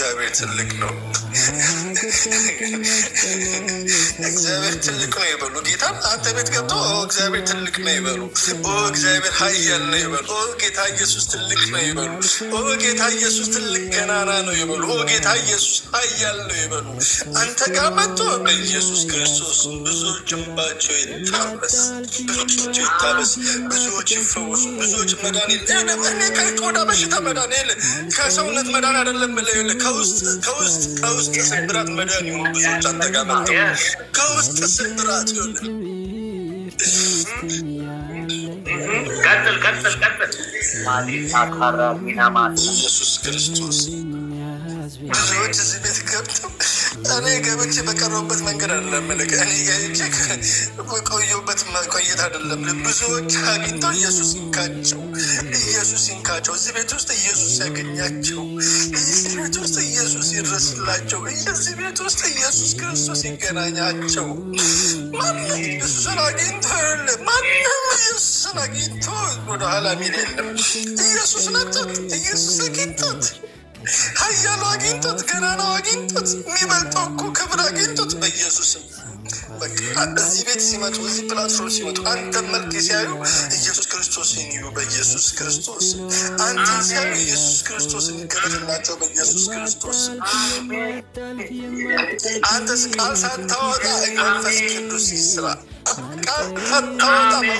እግዚአብሔር ትልቅ ነው። እግዚአብሔር ትልቅ ነው ይበሉ። ጌታ አንተ ቤት ገብቶ እግዚአብሔር ትልቅ ነው ይበሉ። እግዚአብሔር ኃያል ነው ይበሉ። ጌታ ኢየሱስ ትልቅ ነው ይበሉ። ጌታ ኢየሱስ ትልቅ ገናና ነው ይበሉ። ጌታ ኢየሱስ ኃያል ነው ይበሉ። አንተ ጋር መጥቶ በኢየሱስ ክርስቶስ ብዙዎች ጅንባቸው ይታበስ፣ ብዙዎቻቸው ይታበስ፣ ብዙዎች ይፈወሱ፣ ብዙዎች መዳን ከቆዳ በሽታ መዳን ከሰውነት መዳን አይደለም ለ ከውስጥ ከውስጥ ከውስጥ ስብራት መዳን ብዙዎች አጠቃመጥ ከውስጥ ስብራት ይሆን። ቀጥል ቀጥል ቀጥል። ኢየሱስ ክርስቶስ ብዙዎች እዚህ ቤት ገብተው እኔ ገብቼ በቀረውበት መንገድ አይደለም። ልክ እኔ ገብቼ ቆየሁበት ቆየት አይደለም። ብዙዎች አግኝተው ኢየሱስ ይካቸው ኢየሱስ ይንካቸው። እዚህ ቤት ውስጥ ኢየሱስ ያገኛቸው። እዚህ ቤት ውስጥ ኢየሱስ ይድረስላቸው። እዚህ ቤት ውስጥ ኢየሱስ ክርስቶስ ይገናኛቸው። ማንም ኢየሱስን አግኝቶ የለ ማንም ኢየሱስን አግኝቶ ወደ ኋላ የሚል የለም። ኢየሱስ ነጥት ኢየሱስ አግኝቶት ኃያሉ አግኝቶት ገና ነው አግኝቶት የሚበልጠው እኮ ክብር አግኝቶት በኢየሱስም እዚህ ቤት ሲመጡ እዚህ ፕላትፎርም ሲመጡ አንተ መልክ ሲያዩ ኢየሱስ ክርስቶስ እዩ። በኢየሱስ ክርስቶስ አንተ ሲያዩ ኢየሱስ ክርስቶስ ይገበልላቸው። በኢየሱስ ክርስቶስ አንተስ ቃል ሳታወጣ መንፈስ ቅዱስ ይስራ። ሳታወጣ መንፈስ ቅዱስ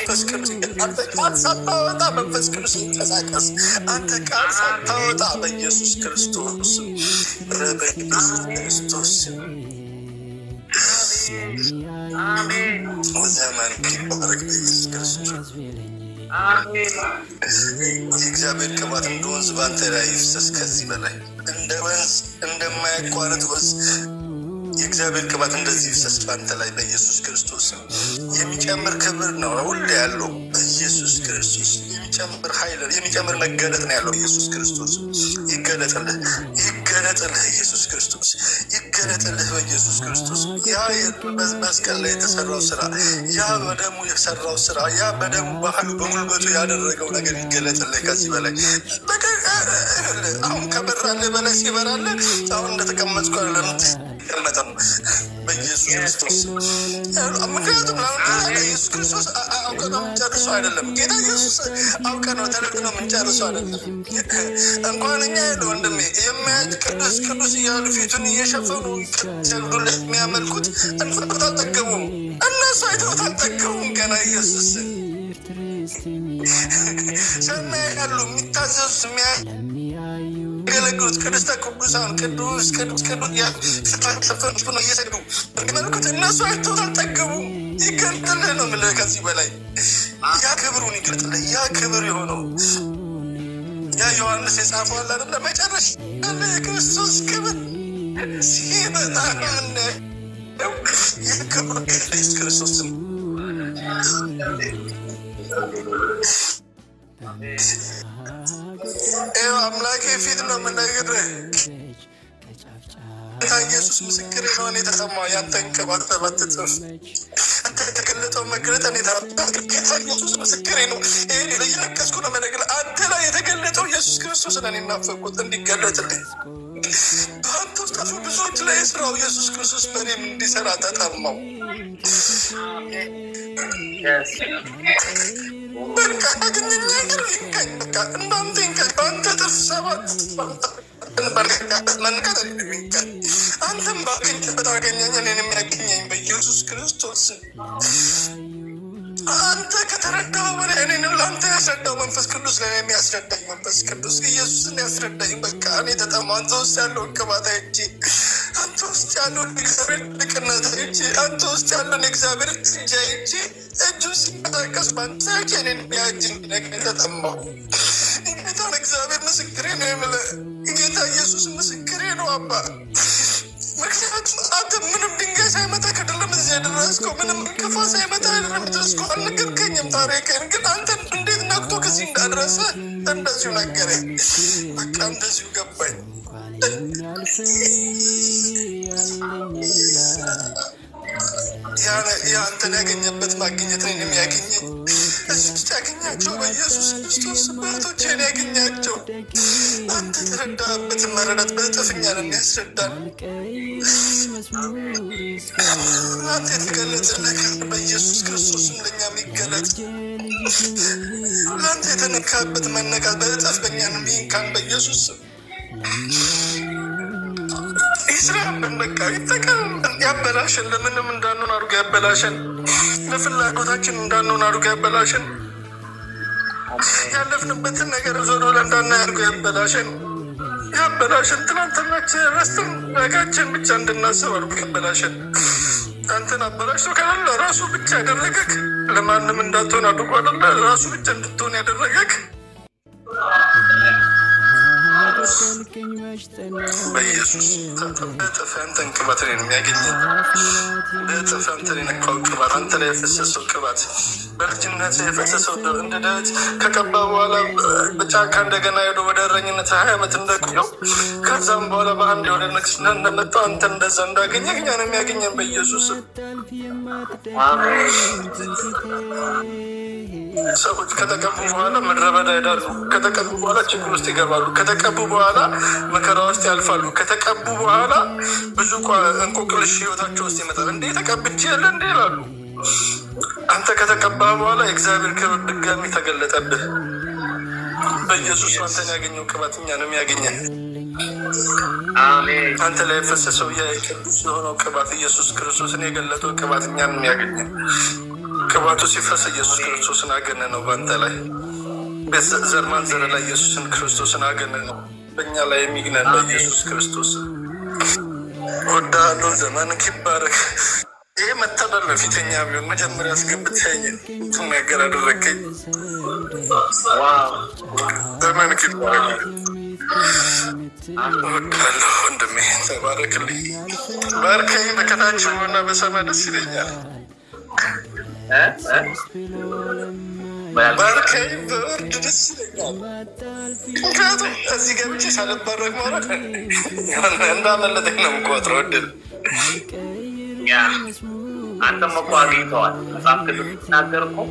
አንተ ቃል ሳታወጣ መንፈስ ቅዱስ ይንቀሳቀስ። አንተ ቃል ሳታወጣ በኢየሱስ ክርስቶስ ክርስቶስ ዘመን ይባረክ። በኢየሱስ ክርስቶስ የእግዚአብሔር ቅባት እንደ ወንዝ በአንተ ላይ ይፍሰስ፣ ከዚህ በላይ እንደ ወንዝ እንደማያቋረጥ ወንዝ የእግዚአብሔር ቅባት እንደዚህ ይፍሰስ በአንተ ላይ በኢየሱስ ክርስቶስ የሚጨምር ክብር ነው ሁሉ ያለው በኢየሱስ ክርስቶስ የሚጨምር ኃይል የሚጨምር መገለጥ ነው ያለው ኢየሱስ ክርስቶስ ይገለጥልህ፣ ይገለጥልህ፣ ኢየሱስ ክርስቶስ ይገለጥልህ፣ በኢየሱስ ክርስቶስ ያ መስቀል ላይ የተሰራው ስራ፣ ያ በደሙ የሰራው ስራ፣ ያ በደሙ ባህሉ በጉልበቱ ያደረገው ነገር ይገለጥልህ ከዚህ በላይ አሁን ከበራለህ በላይ ሲበራለህ አሁን እንደተቀመጥኩ በኢየሱስ ክርስቶስ። ምክንያቱም ኢየሱስ ክርስቶስ አውቀ ነው የምንጨርሰው አይደለም። ጌታ ኢየሱስ አውቀ ነው ተረድ ነው የምንጨርሰው አይደለም። እንኳን እኛ ያለ ወንድሜ የሚያዩት ቅዱስ ቅዱስ እያሉ ፊቱን እየሸፈኑ ሰግዱለት የሚያመልኩት እንፈጡት አልጠገቡም። እነሱ አይተውት አልጠገቡም። ገና ኢየሱስ ሰማይ ያሉ የሚታዘዙት የሚያ የሚያገለግሉት ቅድስተ ቅዱሳን ቅዱስ ቅዱስ ቅዱስ ስፈንጥፈንጡ ነው እየሰግዱ መልኩት እነሱ አይተውት አልጠገቡ ይገልጥልህ ነው ምለ ከዚህ በላይ ያ ክብሩን ይገልጥል ያ ክብር የሆነው ያ ዮሐንስ የጻፈው አለ አይደለ? መጨረሻ ክርስቶስ ክብር ሲመጣ ነው ክርስቶስ ፊት ነው የምነግርህ። ኢየሱስ ምስክር የሆነ የተሰማ ያንተን ቅባት የተገለጠው መገለጠን የተራየሱስ ምስክሬ ነው። ይህ ለየለቀስኩ ለመነገር አንተ ላይ የተገለጠው ኢየሱስ ክርስቶስ ነን የናፈቁት እንዲገለጥልኝ በአንተ ውስጥ አልፎ ብዙዎች ላይ የስራው ኢየሱስ ክርስቶስ በእኔም እንዲሰራ ተጠማው። በቃ አግኝኛ ግን ይንቀኝ በቃ እናንተ ይንቀኝ በአንተ ጥፍ ሰባት አንተም በአገኘህ በታገኘኝ በኢየሱስ ክርስቶስ አንተ ከተረዳህ በኋላ እኔ ነው ለአንተ ያስረዳው መንፈስ ቅዱስ ለእኔ የሚያስረዳኝ መንፈስ ቅዱስ ኢየሱስን ያስረዳኝ። በቃ እኔ ተጠማ አንተ ውስጥ ያለውን ቅባት አይቼ፣ አንተ ውስጥ ያለውን እግዚአብሔር ልቅነት አይቼ፣ አንተ ውስጥ ያለውን እግዚአብሔር ትንጅ አይቼ፣ እጁ ሲንቀሳቀስ በአንተ አይቼ እኔን ያጅኝ ነገር ተጠማሁ። ጌታን እግዚአብሔር ምስክሬ ነው የምልህ ጌታ ኢየሱስ ምስክሬ ነው አባ ምክንያቱም አንተ ምንም ድንጋይ ሳይመጣ አይደለም እዚህ የደረስከው፣ ምንም ክፋ ሳይመጣህ አይደለም ደረስከው። አልነገርከኝም ታሪክህን፣ ግን አንተ እንዴት ነቅቶ ከዚህ እንዳደረሰ እንደዚሁ ነገረኝ። በቃ እንደዚሁ ገባኝ። ያንተን ያገኘበት ማግኘት ነው የሚያገኘ እዚህ ያገኛቸው በኢየሱስ ክርስቶስ በርቶች ን ያገኛቸው አንተ ተረዳበት መረዳት በጠፍኛን የሚያስረዳን አንተ የተገለጠ ነገር በኢየሱስ ክርስቶስ እንደኛ የሚገለጥ አንተ የተነካበት በጠፍ በኛ ነው ሚንካን በኢየሱስ አይደለም። ያበላሸን፣ ለምንም እንዳንሆን አድርጎ ያበላሸን፣ ለፍላጎታችን እንዳንሆን አድርጎ ያበላሸን፣ ያለፍንበትን ነገር ዞር ብለን እንዳናይ አድርጎ ያበላሸን፣ ያበላሸን፣ ትናንትናችን ረስተን ነገችን ብቻ እንድናስብ አድርጎ ያበላሸን። አንተን አበላሽቶ ከሌለ ራሱ ብቻ ያደረገክ ለማንም እንዳትሆን አድርጎ አይደለ ራሱ ብቻ እንድትሆን ያደረገክ በኢየሱስ እጥፍ ያንተን ቅባት እኔን የሚያገኘ እጥፍ ያንተን የነካው ቅባት፣ አንተ ላይ የፈሰሰው ቅባት፣ በልጅነት የፈሰሰው እንደ ዳዊት ከቀባ በኋላ በጫካ እንደገና ሄዶ ወደ እረኝነት ሀያ ዓመት እንደቆየው ከዛም በኋላ በአንድ ወደ ንግስና እንደመጣው አንተ እንደዛ እንዳገኘ እኛን የሚያገኘን በኢየሱስ ሰዎች ከተቀቡ በኋላ ምድረ በዳ ይሄዳሉ። ከተቀቡ በኋላ ችግር ውስጥ ይገባሉ። ከተቀቡ በኋላ መከራ ውስጥ ያልፋሉ። ከተቀቡ በኋላ ብዙ እንቆቅልሽ ህይወታቸው ውስጥ ይመጣል። እንዴ ተቀብቼ ያለ እንዴ ይላሉ። አንተ ከተቀባ በኋላ የእግዚአብሔር ክብር ድጋሚ ተገለጠብህ። በኢየሱስ አንተን ያገኘው ቅባት ነው ያገኘን። አንተ ላይ የፈሰሰው የቅዱስ የሆነው ቅባት ኢየሱስ ክርስቶስን የገለጠው ቅባት እኛንም ነው ቅባቱ ሲፈስ ኢየሱስ ክርስቶስን አገነ ነው። በአንተ ላይ ዘር ማንዘር ላይ ኢየሱስን ክርስቶስን አገነ ነው። በእኛ ላይ የሚግነን በኢየሱስ ክርስቶስ ወዳሉ ዘመን ይባረክ። ይህ መታደር በፊተኛ ቢሆን መጀመሪያ አስገብተኝ እንትን ነገር አደረገኝ። ዘመን ይባረክ። እወዳለሁ ወንድሜ፣ ተባረክልኝ። ባርከኝ በከታች ሆና በሰማ ደስ ይለኛል። ባርከኝ በወርድ አንተም እኮ አግኝተዋል። መጽሐፍ ቅዱስ ሲናገር እኮ